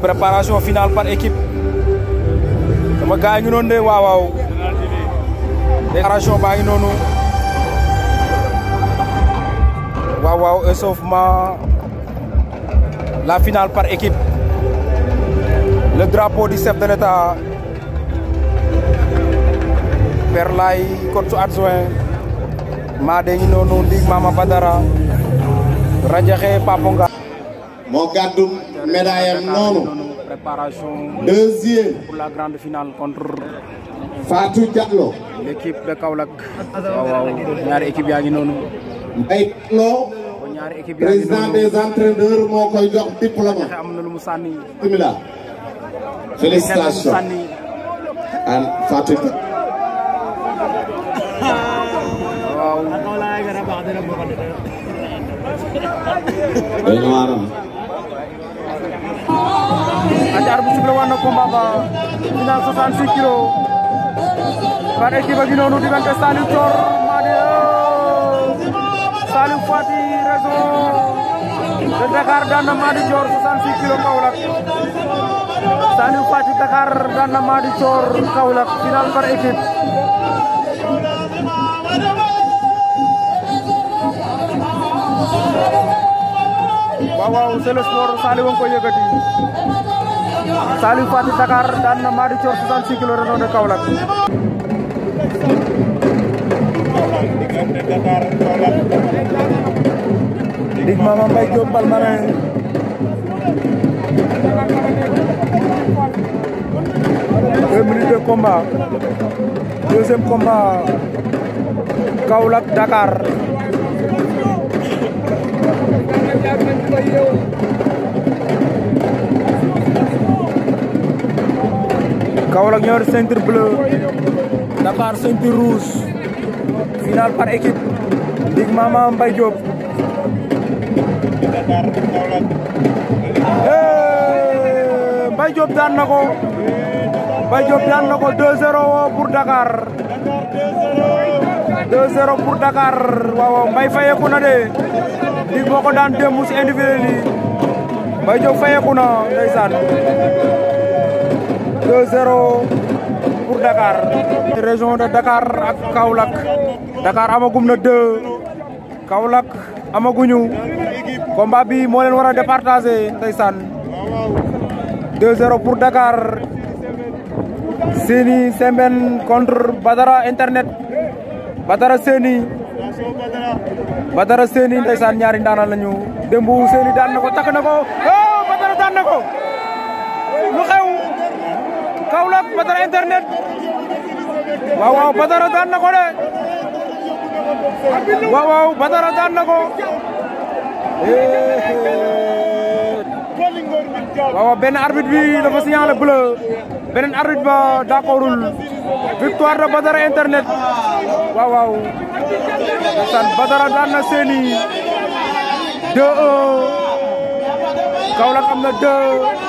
préparation finale par équipe sama gars yi ngi waouh. de waaw waaw préparation échauffement la finale par équipe le drapeau du chef de l'État Père Laye Adjoin. adjoint maa de Mama Badara Khe, Paponga mon médaille préparation deuxième. pour la grande finale contre. Fatou Diallo. l'équipe de Kaolack. équipe président des entraîneurs Mon jox diplôme. félicitations. Fatou. aca arbitre ba final 66 kilos ban équipe a ngi noonu diggante Saliou Thior Mady Saliou Fati région de Dakar daan na Mady Thior 66 kilos Kaolack Saliou Fati Dakar daan na Mady Salih Fatih Takar dan Madi Cor Susan Sikilo Renode Kaulak. Digma Mamai Jombal Marang. Deux minutes de combat. Deuxième combat. Kaulak Dakar. Kawalak nyor di bleu Dakar ceinture rouge final par équipe dig Mama Mbaye Diop Mbaye Diop dan nako ko Mbaye Diop daan 2-0 pour Dakar 2-0 pour Dakar waaw Mbaye fayeeku na de dig moo dan daan démb si individuel yi Mbaye Diop fayeeku na ndeysaan 2-0 pour Dakar. région de Dakar ak Kaolack. Dakar amagum na 2 Kaolack amaguñu. combat bi moo leen départage a départager ndeysaan. 2-0 pour Dakar. Seni Sembène contre Badara Internet. Badara Seni. Badara Seni ndeysaan ñaari ndaanaan lañu. démb Seni daan ko takk ko. oh Badara daan ko. la Badara internet waaw waaw Badara daan na ko de waaw waaw Badara daan na ko waaw benn arbitre bi dafa signalé bleu beneen arbitre ba d'accordul victoire de internet waaw waaw san Badara daan na seeni 2-1 Kaolack am na 2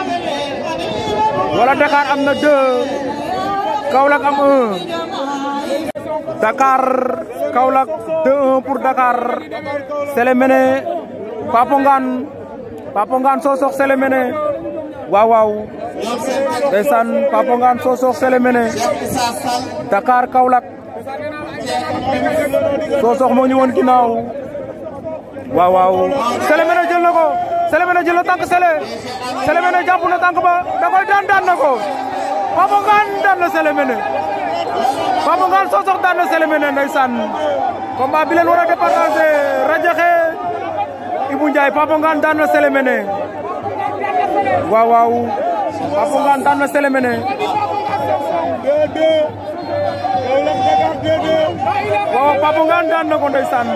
wala Dakar am na deux Kaolack am un Dakar Kaolack deux un pour Dakar Sele Mene Papongan Papongan Sosokh Sele Mene waaw Sele Mene Dakar Kaolack Sosokh moo ñu Sele Mene jël na Sélé Méné jël na tànk Sélé Sélé Méné jàpp na tànk ba da koy daan daan na ko Papa Ngane daan na Sélé Méné Papa Ngane Sosokh daan na Sélé Méné ndeysaan combat bi leen war a na na 2-2 2-2 waaw Papa Ngane daan na ko ndeysaan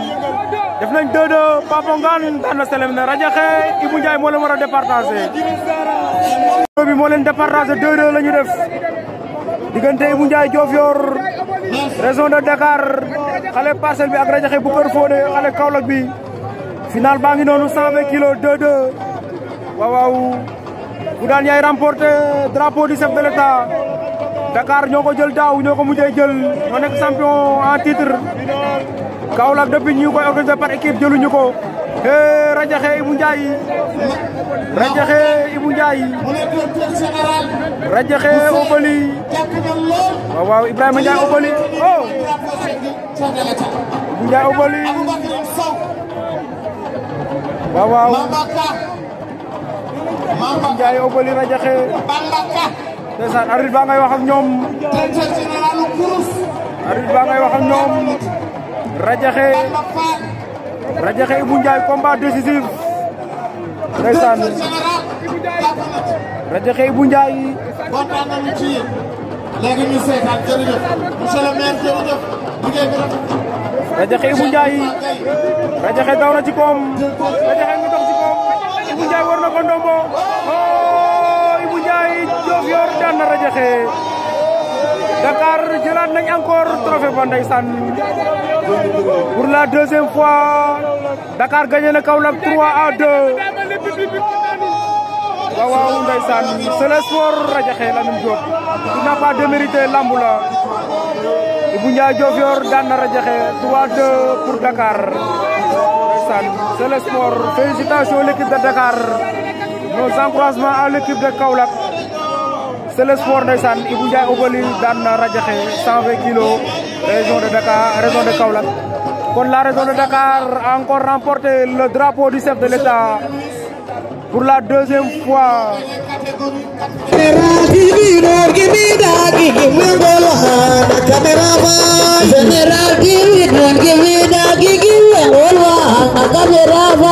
def nañ 2-2 Papa Ngane daan na Selem na Radiakhé Ibou Ndiaye moo leen war a départagé. bi moo leen départagé la ñu def diggante Ibou Ndiaye Diofior région de Dakar xale parcelle bi ak Radiakhé bu Kër xale Kaolack bi final baa ngi noonu 120 kilos 2-2 waaw waaw bu daan yaay remporté drapeau du Dakar ñoo ko jël daaw ñoo ko mujjee jël ñoo nekk champion en titre Kaolack depuis ñu koy organisé par équipe jëluñu ko. Radiakhé Ibou Ndiaye Radiakhé Ibou Ndiaye Radiakhé Obali waaw waaw Ibrahima Ndiaye Obali oh Ibou Ndiaye Obali waaw waaw Ibou Ndiaye Obali Radiakhé ndeysaan arbitre baa ngay wax ak ñoom arbitre baa ngay wax ak ñoom rajaxe rajaxe Ibou Ndiaye combat décisif ndeysaan rajaxe Ibou Ndiaye kontaan nañu ci yéen war na ko ndombo Diofior daan na Radiakhé Dakar jëlaat nañ encore trophée ba San pour la deuxième fois Dakar gagné na Kaolack 3 à 2 waaw waaw San c'est le sport la Lamine Diop il n'a pas démérité lamb la Ibou Ndiaye Diofior daan na Radiakhé 3 à 2 pour Dakar ndeysaan c'est le sport félicitations l'équipe de Dakar nos encouragements à l'équipe de Kaolack Céleste Fort sport ndeysaan Ibou Ndiaye Obali daan 120 kg, région de Dakar région de Kaulak. Donc la région de Dakar a encore remporté le drapeau du chef de l'État pour la deuxième fois